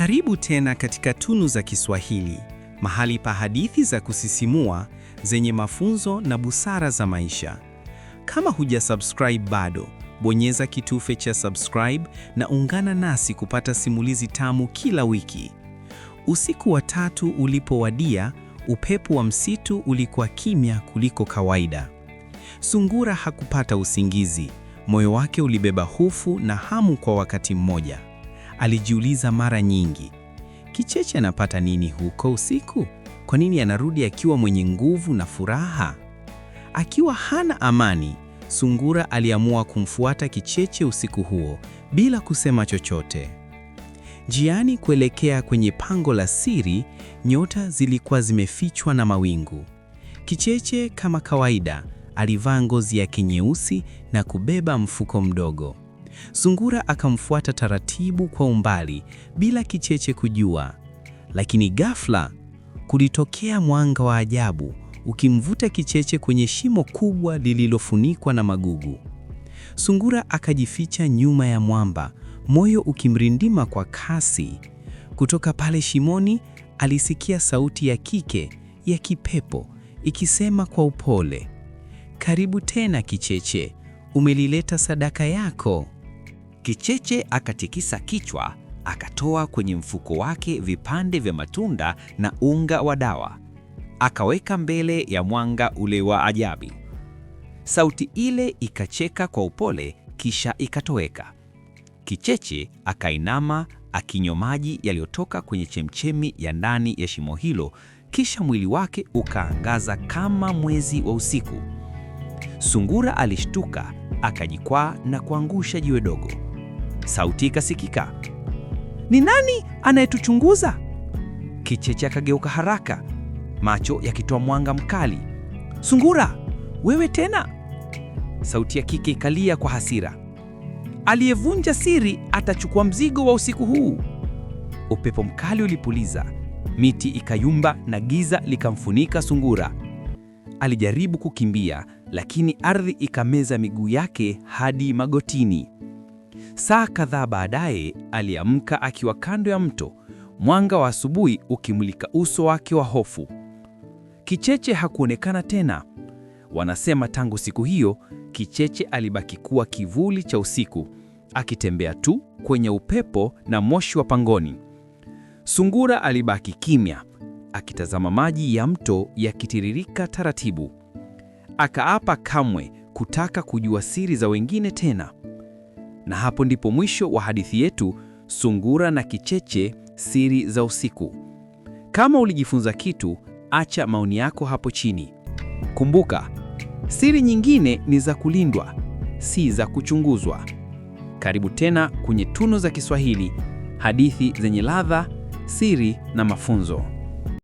Karibu tena katika Tunu za Kiswahili, mahali pa hadithi za kusisimua zenye mafunzo na busara za maisha. Kama hujasubscribe bado, bonyeza kitufe cha subscribe na ungana nasi kupata simulizi tamu kila wiki. Usiku wa tatu ulipowadia, upepo wa msitu ulikuwa kimya kuliko kawaida. Sungura hakupata usingizi, moyo wake ulibeba hofu na hamu kwa wakati mmoja. Alijiuliza mara nyingi, Kicheche anapata nini huko usiku? Kwa nini anarudi akiwa mwenye nguvu na furaha? Akiwa hana amani, Sungura aliamua kumfuata Kicheche usiku huo bila kusema chochote. Njiani kuelekea kwenye pango la siri, nyota zilikuwa zimefichwa na mawingu. Kicheche kama kawaida alivaa ngozi yake nyeusi na kubeba mfuko mdogo. Sungura akamfuata taratibu kwa umbali bila Kicheche kujua, lakini ghafla kulitokea mwanga wa ajabu ukimvuta Kicheche kwenye shimo kubwa lililofunikwa na magugu. Sungura akajificha nyuma ya mwamba, moyo ukimrindima kwa kasi. Kutoka pale shimoni alisikia sauti ya kike ya kipepo ikisema kwa upole, karibu tena Kicheche, umelileta sadaka yako. Kicheche akatikisa kichwa, akatoa kwenye mfuko wake vipande vya matunda na unga wa dawa, akaweka mbele ya mwanga ule wa ajabu. Sauti ile ikacheka kwa upole, kisha ikatoweka. Kicheche akainama akinywa maji yaliyotoka kwenye chemchemi ya ndani ya shimo hilo, kisha mwili wake ukaangaza kama mwezi wa usiku. Sungura alishtuka, akajikwaa na kuangusha jiwe dogo sauti ikasikika. Ni nani anayetuchunguza? Kicheche akageuka haraka, macho yakitoa mwanga mkali. Sungura, wewe tena? Sauti ya kike ikalia kwa hasira. Aliyevunja siri atachukua mzigo wa usiku huu. Upepo mkali ulipuliza, miti ikayumba na giza likamfunika Sungura. Alijaribu kukimbia, lakini ardhi ikameza miguu yake hadi magotini. Saa kadhaa baadaye aliamka akiwa kando ya mto, mwanga wa asubuhi ukimulika uso wake wa hofu. Kicheche hakuonekana tena. Wanasema tangu siku hiyo Kicheche alibaki kuwa kivuli cha usiku, akitembea tu kwenye upepo na moshi wa pangoni. Sungura alibaki kimya, akitazama maji ya mto yakitiririka taratibu. Akaapa kamwe kutaka kujua siri za wengine tena. Na hapo ndipo mwisho wa hadithi yetu Sungura na Kicheche, Siri za Usiku. Kama ulijifunza kitu, acha maoni yako hapo chini. Kumbuka, siri nyingine ni za kulindwa, si za kuchunguzwa. Karibu tena kwenye Tunu za Kiswahili, hadithi zenye ladha, siri na mafunzo.